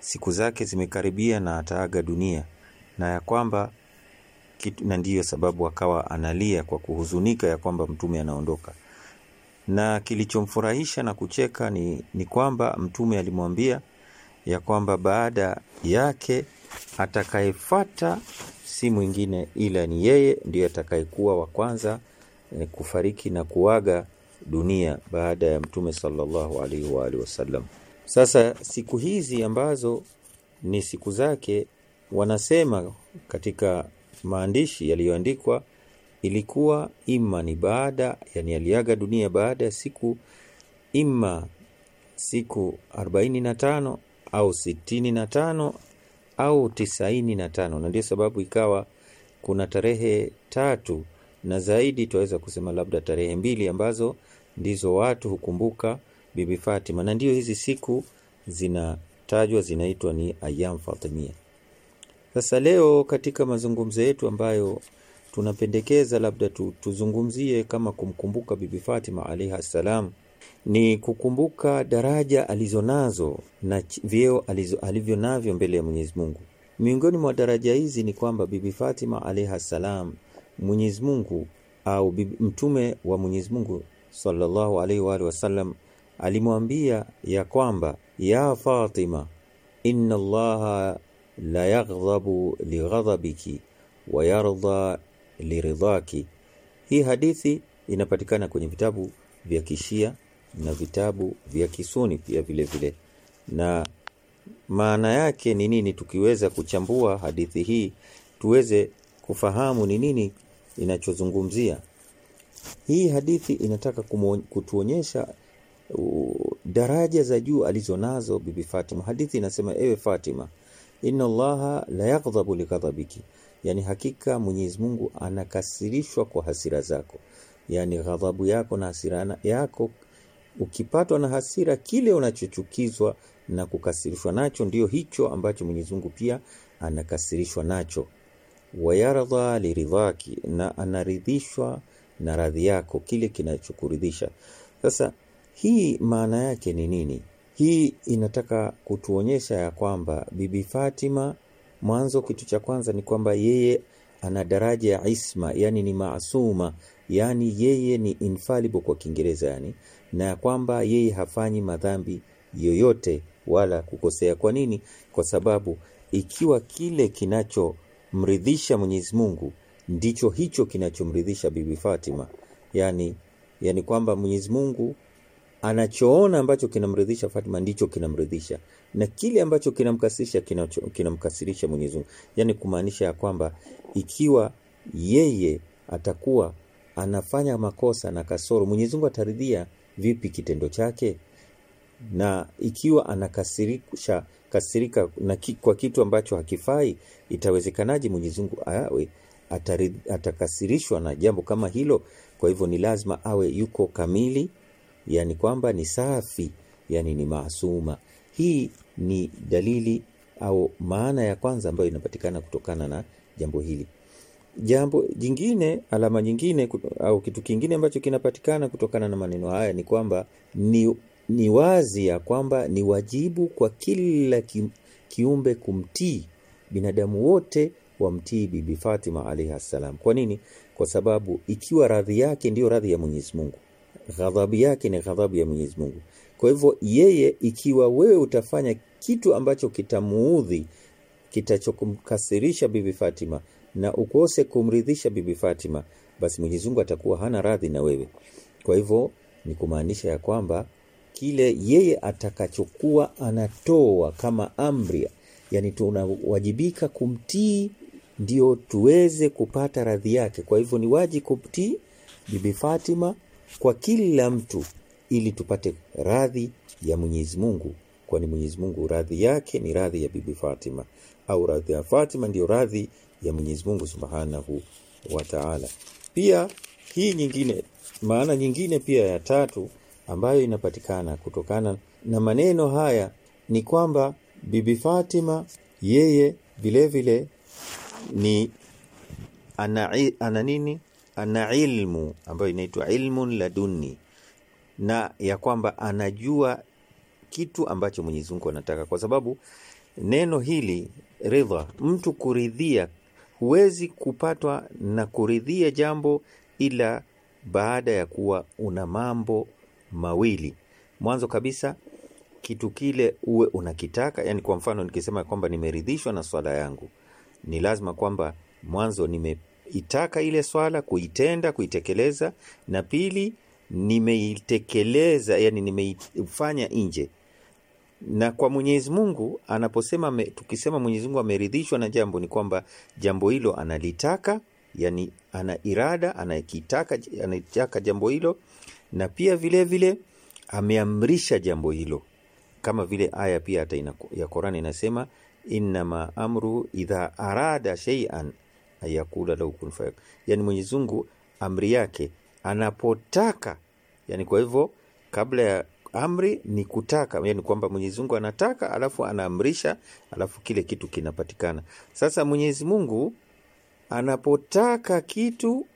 siku zake zimekaribia na ataaga dunia, na ya kwamba na ndiyo sababu akawa analia kwa kuhuzunika ya kwamba Mtume anaondoka. Na kilichomfurahisha na kucheka ni, ni kwamba Mtume alimwambia ya kwamba baada yake atakayefata si mwingine ila ni yeye ndiye atakayekuwa wa kwanza e, kufariki na kuaga dunia baada ya Mtume sallallahu alaihi wa alihi wasallam. Sasa siku hizi ambazo ni siku zake, wanasema katika maandishi yaliyoandikwa ilikuwa ima ni baada, yani aliaga dunia baada ya siku ima siku 45 au 65 au tisaini na tano na ndio sababu ikawa kuna tarehe tatu na zaidi tuweza kusema labda tarehe mbili ambazo ndizo watu hukumbuka Bibi Fatima, na ndio hizi siku zinatajwa zinaitwa ni ayam Fatimia. Sasa leo katika mazungumzo yetu ambayo tunapendekeza labda tu, tuzungumzie kama kumkumbuka Bibi Fatima alaihi salamu ni kukumbuka daraja alizonazo na vyeo alivyo navyo mbele ya Mwenyezi Mungu. Miongoni mwa daraja hizi ni kwamba Bibi Fatima alaiha salam, Mwenyezi Mungu au bibi, mtume wa Mwenyezi Mungu sallallahu wa alimwambia ya kwamba ya Fatima, inna allaha la yaghdhabu lighadhabiki wa yarda liridhaki. Hii hadithi inapatikana kwenye vitabu vya Kishia na vitabu vya kisuni pia vile vile na maana yake ni nini tukiweza kuchambua hadithi hii tuweze kufahamu ni nini inachozungumzia hii hadithi inataka kutuonyesha uh, daraja za juu alizonazo bibi Fatima hadithi inasema ewe Fatima inna allaha la yaghdhabu likadhabiki yani hakika Mwenyezi Mungu anakasirishwa kwa hasira zako yani ghadhabu yako na hasira yako ukipatwa na hasira, kile unachochukizwa na kukasirishwa nacho ndiyo hicho ambacho Mwenyezi pia anakasirishwa nacho. Wayardha liridhaki, na anaridhishwa na radhi yako, kile kinachokuridhisha. Sasa hii maana yake ni nini? Hii inataka kutuonyesha ya kwamba Bibi Fatima, mwanzo, kitu cha kwanza ni kwamba yeye ana daraja ya isma, yani ni maasuma, yani yeye ni infallible kwa Kiingereza yani na ya kwamba yeye hafanyi madhambi yoyote wala kukosea. Kwa nini? Kwa sababu ikiwa kile kinachomridhisha Mwenyezi Mungu ndicho hicho kinachomridhisha Bibi Fatima, yani, yani kwamba Mwenyezi Mungu anachoona ambacho kinamridhisha Fatima ndicho kinamridhisha, na kile ambacho kinamkasirisha kinamkasirisha Mwenyezi Mungu. Yani kumaanisha ya kwamba ikiwa yeye atakuwa anafanya makosa na kasoro, Mwenyezi Mungu ataridhia vipi kitendo chake, na ikiwa anakasirika kasirika na kwa kitu ambacho hakifai, itawezekanaje Mwenyezi Mungu awe atakasirishwa na jambo kama hilo? Kwa hivyo ni lazima awe yuko kamili, yani kwamba ni safi, yani ni maasuma. Hii ni dalili au maana ya kwanza ambayo inapatikana kutokana na jambo hili. Jambo jingine, alama nyingine au kitu kingine ambacho kinapatikana kutokana na maneno haya ni kwamba ni, ni wazi ya kwamba ni wajibu kwa kila ki, kiumbe kumtii. Binadamu wote wamtii Bibi Fatima alayha salam. Kwa nini? Kwa sababu ikiwa radhi yake ndiyo radhi ya Mwenyezi Mungu, ghadhabu yake ni ghadhabu ya Mwenyezi Mungu. Kwa hivyo yeye, ikiwa wewe utafanya kitu ambacho kitamuudhi kitachokumkasirisha Bibi Fatima, na ukose kumridhisha Bibi Fatima, basi Mwenyezi Mungu atakuwa hana radhi na wewe. Kwa hivyo ni kumaanisha ya kwamba kile yeye atakachokuwa anatoa kama amri, yani tunawajibika kumtii ndio tuweze kupata radhi yake. Kwa hivyo ni waji kumtii Bibi Fatima kwa kila mtu ili tupate radhi ya Mwenyezi Mungu, kwani Mwenyezi Mungu radhi yake ni radhi ya Bibi Fatima, au radhi ya Fatima ndio radhi ya Mwenyezi Mungu Subhanahu wa Ta'ala. Pia hii nyingine maana nyingine pia ya tatu ambayo inapatikana kutokana na maneno haya ni kwamba Bibi Fatima yeye vile vile ni ana, ana nini ana ilmu ambayo inaitwa ilmun laduni na ya kwamba anajua kitu ambacho Mwenyezi Mungu anataka kwa sababu neno hili ridha mtu kuridhia huwezi kupatwa na kuridhia jambo ila baada ya kuwa una mambo mawili. Mwanzo kabisa kitu kile uwe unakitaka, yani kwa mfano nikisema kwamba nimeridhishwa na swala yangu, ni lazima kwamba mwanzo nimeitaka ile swala, kuitenda, kuitekeleza, na pili nimeitekeleza, yani nimeifanya nje na kwa Mwenyezi Mungu anaposema me, tukisema Mwenyezi Mungu ameridhishwa na jambo ni kwamba jambo hilo analitaka, yani ana irada, anakitaka, anaitaka jambo hilo, na pia vile vile ameamrisha jambo hilo, kama vile aya pia hata ya Qur'ani inasema innama amru idha arada shay'an ayakula lahu kun fayakun, yani Mwenyezi Mungu amri yake anapotaka, yani kwa hivyo kabla ya Amri ni kutaka, yani kwamba Mwenyezi Mungu anataka alafu anaamrisha alafu kile kitu kinapatikana. Sasa Mwenyezi Mungu anapotaka kitu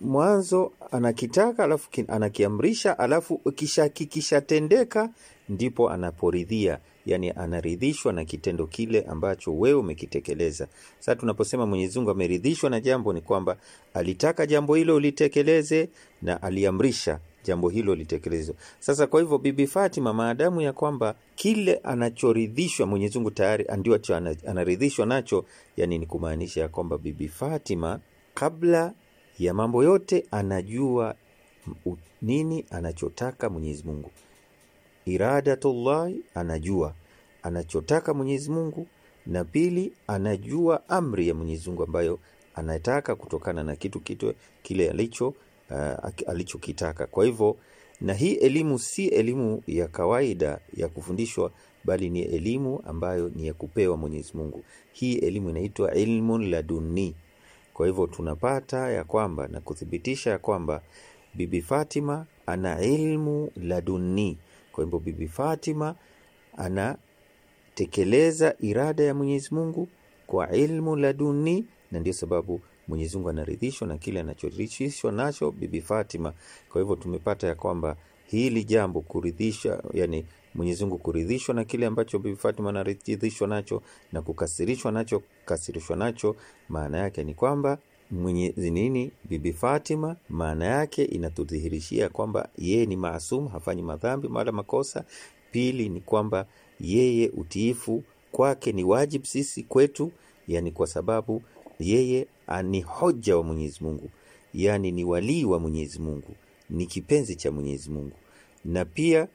mwanzo anakitaka alafu anakiamrisha alafu kisha kikishatendeka ndipo anaporidhia, yani anaridhishwa na kitendo kile ambacho wewe umekitekeleza. Sasa tunaposema Mwenyezi Mungu ameridhishwa na jambo, ni kwamba alitaka jambo hilo ulitekeleze na aliamrisha jambo hilo litekelezwe. Sasa kwa hivyo, Bibi Fatima maadamu ya kwamba kile anachoridhishwa Mwenyezi Mungu tayari ndio acho anaridhishwa nacho, yani ni kumaanisha ya kwamba Bibi Fatima kabla ya mambo yote anajua nini anachotaka Mwenyezi Mungu, iradatullahi, anajua anachotaka Mwenyezi Mungu, na pili anajua amri ya Mwenyezi Mungu ambayo anataka kutokana na kitu kitu kile alicho uh, alichokitaka. Kwa hivyo, na hii elimu si elimu ya kawaida ya kufundishwa, bali ni elimu ambayo ni ya kupewa Mwenyezi Mungu. Hii elimu inaitwa ilmu laduni. Kwa hivyo, tunapata ya kwamba na kuthibitisha ya kwamba Bibi Fatima ana ilmu laduni. Kwa hivyo, Bibi Fatima anatekeleza irada ya Mwenyezi Mungu kwa ilmu laduni, na ndio sababu Mwenyezi Mungu anaridhishwa na kile anachoridhishwa nacho Bibi Fatima. Kwa hivyo tumepata ya kwamba hili jambo kuridhisha, yani Mwenyezi Mungu kuridhishwa na kile ambacho Bibi Fatima anaridhishwa nacho na kukasirishwa nacho kukasirishwa nacho, maana yake ni kwamba Mwenyezi nini, Bibi Fatima maana yake inatudhihirishia kwamba yeye ni maasum, hafanyi madhambi wala makosa. Pili ni kwamba yeye utiifu kwake ni wajib sisi kwetu, yani kwa sababu yeye ah, ni hoja wa Mwenyezi Mungu, yaani ni walii wa Mwenyezi Mungu, ni kipenzi cha Mwenyezi Mungu. Na pia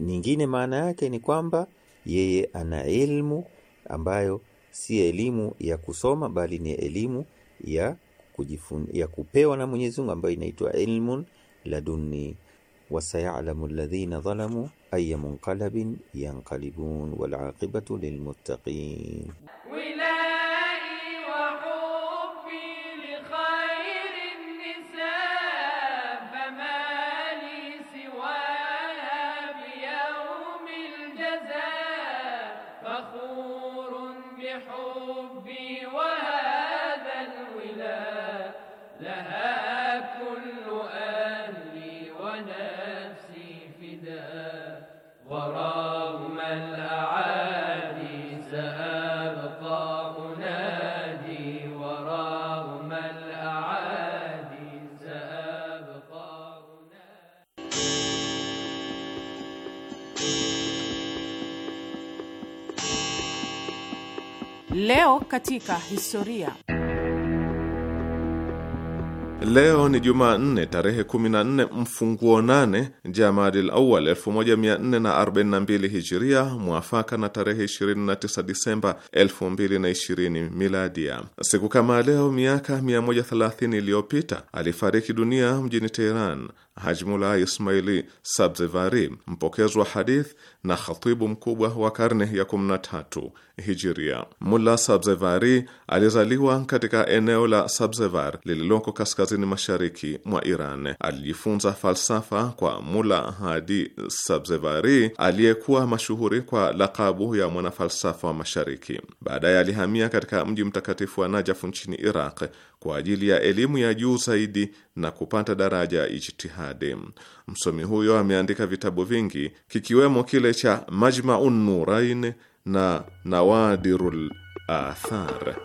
nyingine maana yake ni kwamba yeye ana elimu ambayo si elimu ya kusoma, bali ni elimu ya kujifun, ya kupewa na Mwenyezi Mungu ambayo inaitwa ilmun laduni wasayalamu alladhina dhalamu aya munqalabin yanqalibun walaqibatu lilmuttaqin. katika historia. Leo ni Jumanne tarehe 14 mfunguo 8 Jamadil Awal 1442 Hijiria, mwafaka na tarehe 29 Disemba 2020 Miladia. Siku kama leo miaka 130 iliyopita alifariki dunia mjini Teheran Hajmula Ismaili Sabzevari, mpokezi wa hadith na khatibu mkubwa wa karne ya 13 Hijiria. Mulla Sabzevari alizaliwa katika eneo la Sabzevar lililoko kaskazini mashariki mwa Iran. Alijifunza falsafa kwa Mulla Hadi Sabzevari aliyekuwa mashuhuri kwa lakabu ya mwanafalsafa wa Mashariki. Baadaye alihamia katika mji mtakatifu wa Najafu nchini Iraq kwa ajili ya elimu ya juu zaidi na kupata daraja ya ijtihadi. Msomi huyo ameandika vitabu vingi kikiwemo kile cha Majmaun Nurain na Nawadirul Athar.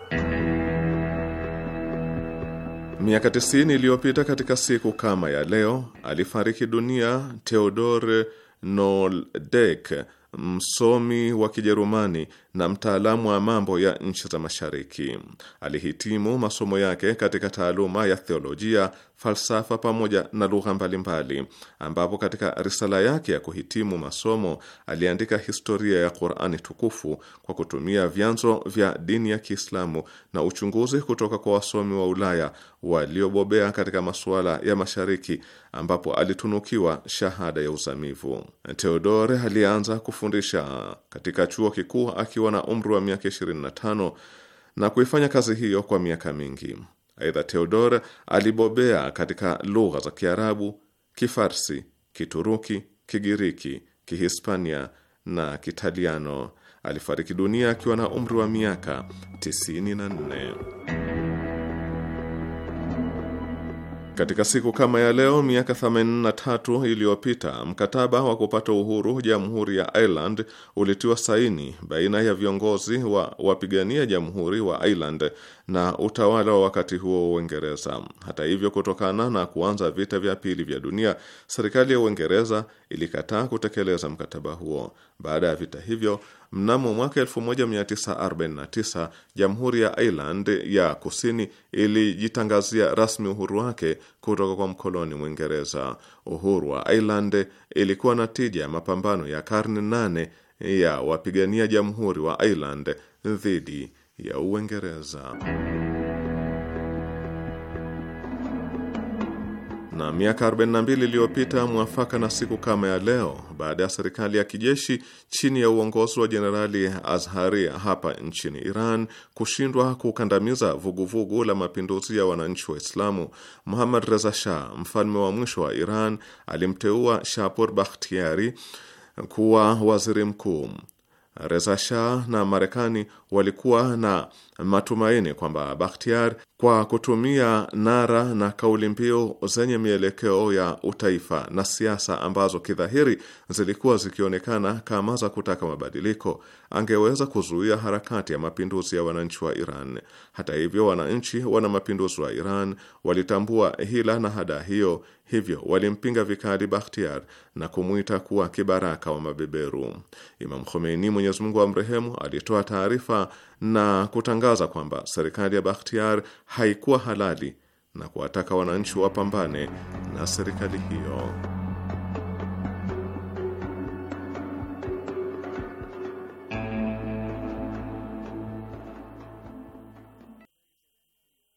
Miaka 90 iliyopita katika siku kama ya leo alifariki dunia Theodor Noldek, msomi wa Kijerumani na mtaalamu wa mambo ya nchi za Mashariki. Alihitimu masomo yake katika taaluma ya theolojia, falsafa pamoja na lugha mbalimbali, ambapo katika risala yake ya kuhitimu masomo aliandika historia ya Qur'ani tukufu kwa kutumia vyanzo vya dini ya Kiislamu na uchunguzi kutoka kwa wasomi wa Ulaya waliobobea katika masuala ya Mashariki, ambapo alitunukiwa shahada ya uzamivu. Theodore alianza kufundisha katika chuo kikuu akiwa akiwa na umri wa miaka 25 na kuifanya kazi hiyo kwa miaka mingi. Aidha, Theodor alibobea katika lugha za Kiarabu, Kifarsi, Kituruki, Kigiriki, Kihispania na Kitaliano. Alifariki dunia akiwa na umri wa miaka 94. Katika siku kama ya leo miaka 83 iliyopita mkataba wa kupata uhuru jamhuri ya Ireland ulitiwa saini baina ya viongozi wa wapigania jamhuri wa Ireland na utawala wa wakati huo wa Uingereza. Hata hivyo, kutokana na kuanza vita vya pili vya dunia, serikali ya Uingereza ilikataa kutekeleza mkataba huo. Baada ya vita hivyo Mnamo mwaka 1949 jamhuri ya Ireland ya kusini ilijitangazia rasmi uhuru wake kutoka kwa mkoloni Mwingereza. Uhuru wa Ireland ilikuwa na tija ya mapambano ya karne nane ya wapigania jamhuri wa Ireland dhidi ya Uingereza. Na miaka 42 iliyopita mwafaka na siku kama ya leo, baada ya serikali ya kijeshi chini ya uongozi wa Jenerali Azhari hapa nchini Iran kushindwa kukandamiza vuguvugu la mapinduzi ya wananchi wa Islamu, Muhammad Reza Shah, mfalme wa mwisho wa Iran, alimteua Shapur Bakhtiari kuwa waziri mkuu. Reza Shah na Marekani walikuwa na matumaini kwamba Bakhtiar kwa kutumia nara na kauli mbiu zenye mielekeo ya utaifa na siasa ambazo kidhahiri zilikuwa zikionekana kama za kutaka mabadiliko angeweza kuzuia harakati ya mapinduzi ya wananchi wa Iran. Hata hivyo, wananchi wana mapinduzi wa Iran walitambua hila na hada hiyo, hivyo walimpinga vikali Bakhtiar na kumwita kuwa kibaraka wa mabeberu. Imam Khomeini, Mwenyezi Mungu amrehemu, alitoa taarifa na kutangaza kwamba serikali ya Bakhtiar haikuwa halali na kuwataka wananchi wapambane na serikali hiyo.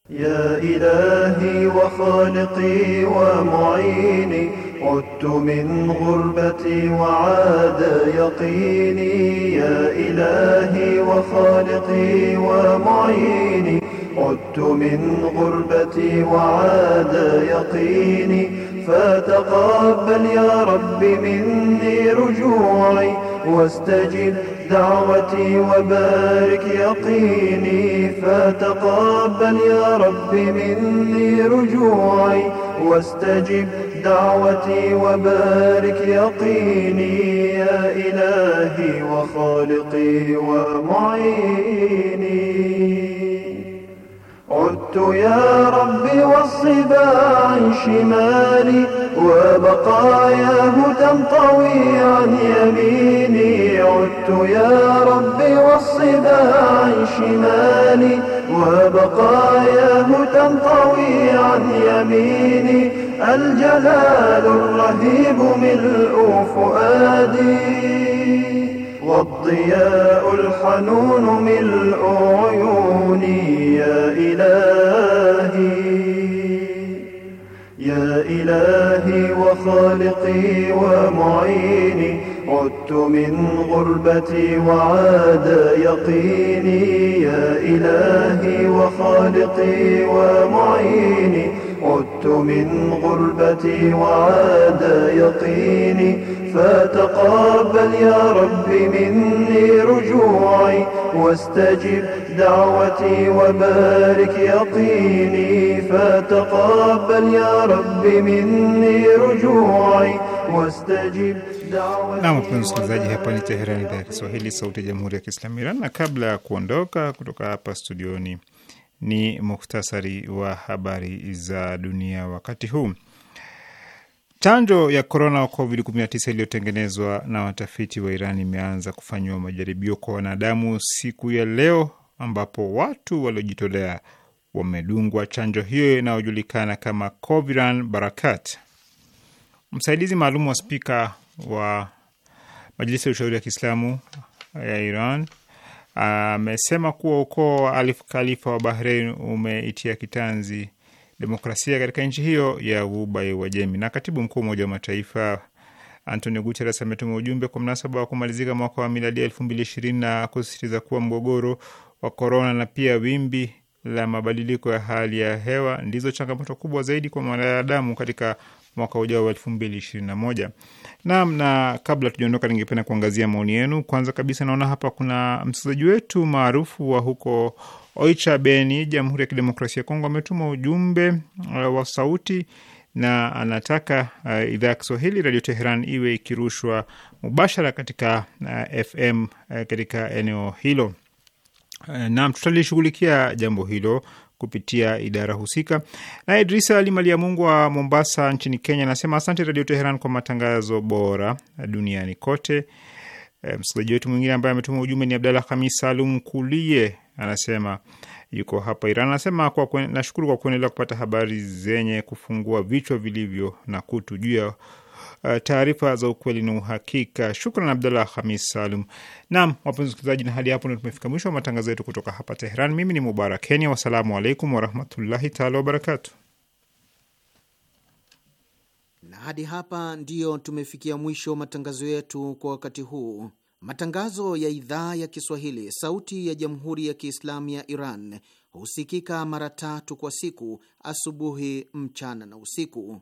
يا إلهي وخالقي ومعيني عدت من غربتي وعاد يقيني يا إلهي وخالقي ومعيني عدت من غربتي وعاد يقيني فتقبل يا رب مني رجوعي واستجب دعوتي وبارك يقيني فتقبل يا رب مني رجوعي واستجب دعوتي وبارك يقيني يا إلهي وخالقي ومعيني عدت يا رب والصبا عن شمالي وبقاياه تنطوي عن يميني عدت يا ربي والصبا عن شمالي وبقاياه تنطوي عن يميني الجلال الرهيب ملء فؤادي والضياء الحنون ملء عيوني يا إلهي إلهي وخالقي ومعيني عدت من غربتي وعاد يقيني يا إلهي وخالقي ومعيني عدت من غربتي وعاد يقيني فتقبل يا رب مني رجوعي واستجب دعوتي وبارك يقيني فتقبل يا رب مني رجوعي واستجب na wapenzi msikilizaji, hapa ni Teherani, idhaa ya Kiswahili, sauti ya jamhuri ya kiislamu Iran. Na kabla ya kuondoka kutoka hapa studioni ni muktasari wa habari za dunia wakati huu. Chanjo ya korona wa COVID-19 iliyotengenezwa na watafiti wa Iran imeanza kufanyiwa majaribio kwa wanadamu siku ya leo, ambapo watu waliojitolea wamedungwa chanjo hiyo inayojulikana kama Coviran Barakat. Msaidizi maalum wa spika wa Majlisi ya Ushauri ya Kiislamu ya Iran amesema kuwa ukoo Alif Khalifa wa Bahrein umeitia kitanzi demokrasia katika nchi hiyo ya Ghuba ya Uajemi. Na katibu mkuu wa Umoja wa Mataifa Antonio Guterres ametuma ujumbe kwa mnasaba wa kumalizika mwaka wa miladi elfu mbili ishirini na kusisitiza kuwa mgogoro wa korona na pia wimbi la mabadiliko ya hali ya hewa ndizo changamoto kubwa zaidi kwa mwanadamu katika mwaka ujao wa elfu mbili ishirini na moja. Naam, na kabla tujaondoka, ningependa kuangazia maoni yenu. Kwanza kabisa, naona hapa kuna msikilizaji wetu maarufu wa huko Oicha Beni, Jamhuri ya Kidemokrasia ya Kongo, ametuma ujumbe uh, wa sauti na anataka uh, idhaa ya Kiswahili Radio Teheran iwe ikirushwa mubashara katika uh, FM uh, katika eneo hilo. Uh, naam, tutalishughulikia jambo hilo kupitia idara husika. Na Idrisa Ali Mungu wa Mombasa nchini Kenya anasema asante Radio Teheran kwa matangazo bora duniani kote. E, msikilizaji wetu mwingine ambaye ametuma ujumbe ni Abdalla Khamis Salum Kulie, anasema yuko hapa Iran, anasema kwa nashukuru kwa kuendelea kupata habari zenye kufungua vichwa vilivyo na kutu juu ya Uh, taarifa za ukweli na uhakika. Shukran Abdullah Hamis Salum. Naam, wapenzi wasikilizaji, na hadi hapo ndio tumefika mwisho wa matangazo yetu kutoka hapa Teheran. Mimi ni Mubarak Kenya, wassalamu alaikum warahmatullahi taala wabarakatu. Na hadi hapa ndiyo tumefikia mwisho wa matangazo yetu kwa wakati huu. Matangazo ya idhaa ya Kiswahili, sauti ya jamhuri ya Kiislamu ya Iran husikika mara tatu kwa siku: asubuhi, mchana na usiku.